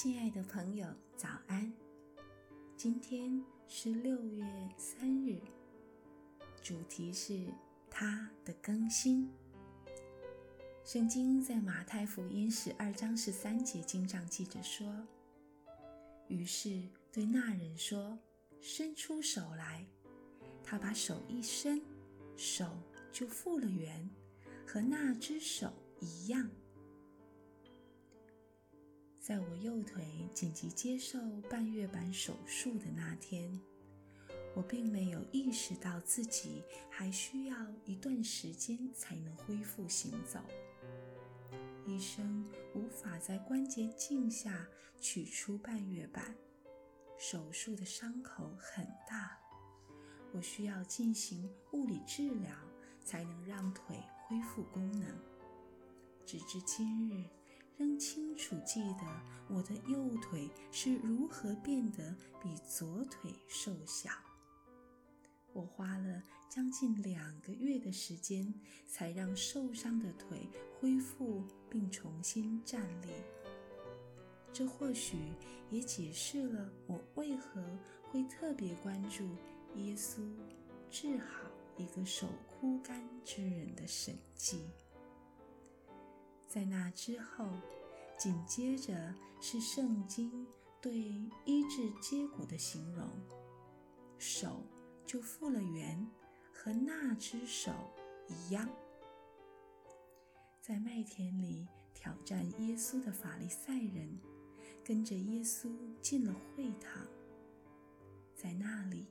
親愛的朋友，早安！今天是六月三日，主題是祂的更新。聖經在馬太福音十二章十三節經上記着說：“於是對那人說，伸出手來。”他把手一伸，手就復了原，和那隻手一樣。在我右腿緊急接受半月板手術的那天，我並沒有意識到自己還需要一段時間才能恢復行走。醫生無法在關節鏡下取出半月板，手術的傷口很大，我需要進行物理治療才能讓腿恢復功能。直至今日，仍清楚記得我的右腿是如何變得比左腿瘦小。我花了將近兩個月的時間，才讓受傷的腿恢復並重新站立。這或許也解釋了我為何會特別關注耶穌治好一個手枯乾之人的神蹟。在那之後，緊接着是聖經對醫治結果的形容，手就復了原，和那隻手一樣。在麥田裡挑戰耶穌的法利賽人，跟着耶穌進了會堂，在那裡，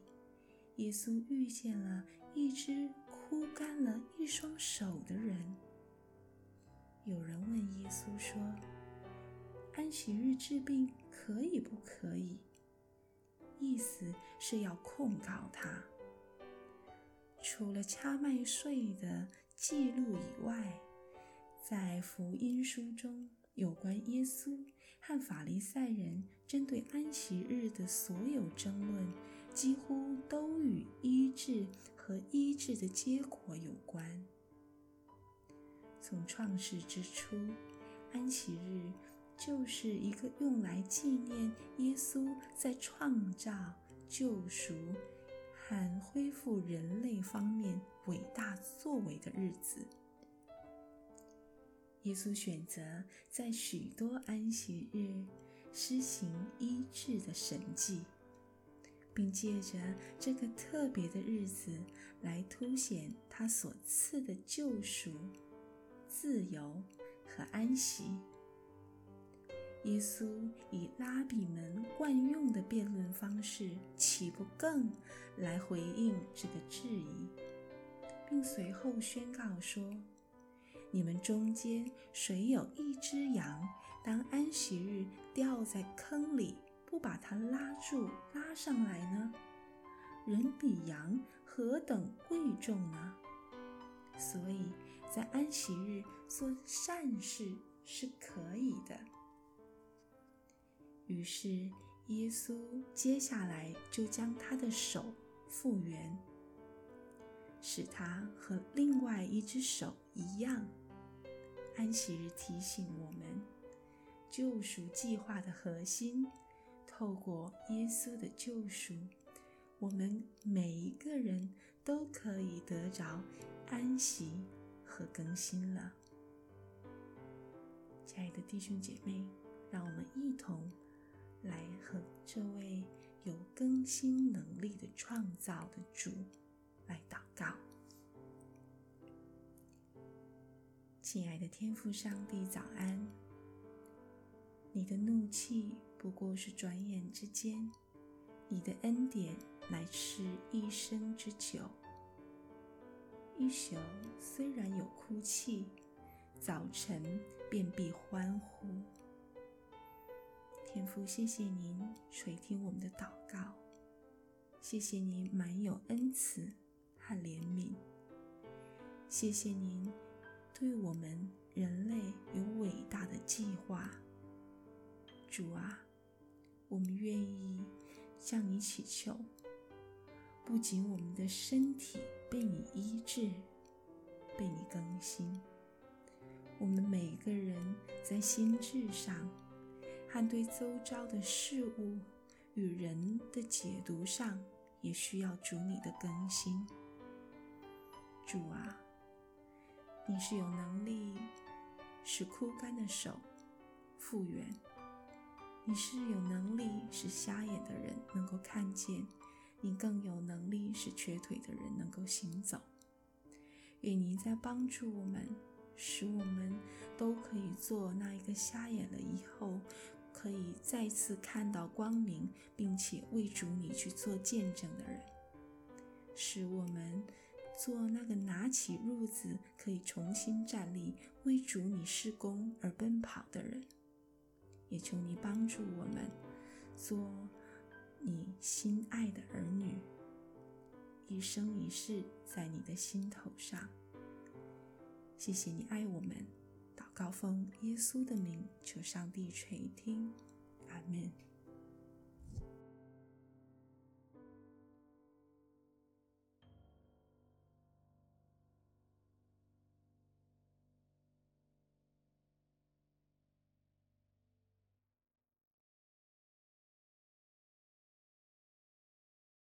耶穌遇見了一只枯乾了一雙手的人。有人問耶穌說：“安息日治病可以不可以？”意思是要控告他。除了掐麥穗的記錄以外，在福音書中有關耶穌和法利賽人針對安息日的所有爭論，幾乎都與醫治和醫治的結果有關。從創世之初，安息日就是一個用來紀念耶穌在創造、救贖和恢復人類方面偉大作為的日子。耶穌選擇在許多安息日施行醫治的神迹，並借着這個特別的日子來凸顯他所賜的救贖。自由和安息。耶穌以拉比們慣用的辯論方式，豈不更來回應這個質疑，並隨後宣告說：“你們中間誰有一隻羊，當安息日掉在坑裡，不把它拉住拉上來呢？人比羊何等貴重呢？所以。”在安息日做善事是可以的。於是耶穌接下來就將他的手復原，使他和另外一隻手一樣。安息日提醒我們，救贖計劃的核心，透過耶穌的救贖，我們每一個人都可以得着安息和更新了，親愛的弟兄姐妹，讓我們一同來和這位有更新能力的創造的主來禱告。親愛的天父上帝，早安。你的怒氣不過是轉眼之間，你的恩典乃是一生之久。一宿雖然有哭泣，早晨便必歡呼。天父，謝謝您垂聽我們的禱告，謝謝您滿有恩慈和憐憫，謝謝您對我們人類有偉大的計劃。主啊，我們願意向你祈求。不僅我們的身體被你醫治，被你更新，我們每個人在心智上和對周遭的事物與人的解讀上，也需要主你的更新。主啊，你是有能力使枯乾的手復原，你是有能力使瞎眼的人能夠看見。你更有能力使瘸腿的人能夠行走，願你在幫助我們，使我們都可以做那一個瞎眼了以後可以再次看到光明，並且為主你去做見證的人，使我們做那個拿起褥子可以重新站立為主你事工而奔跑的人，也求你幫助我們做你心愛的兒女，一生一世在你的心頭上。謝謝你愛我們，禱告奉耶穌的名，求上帝垂聽，阿門。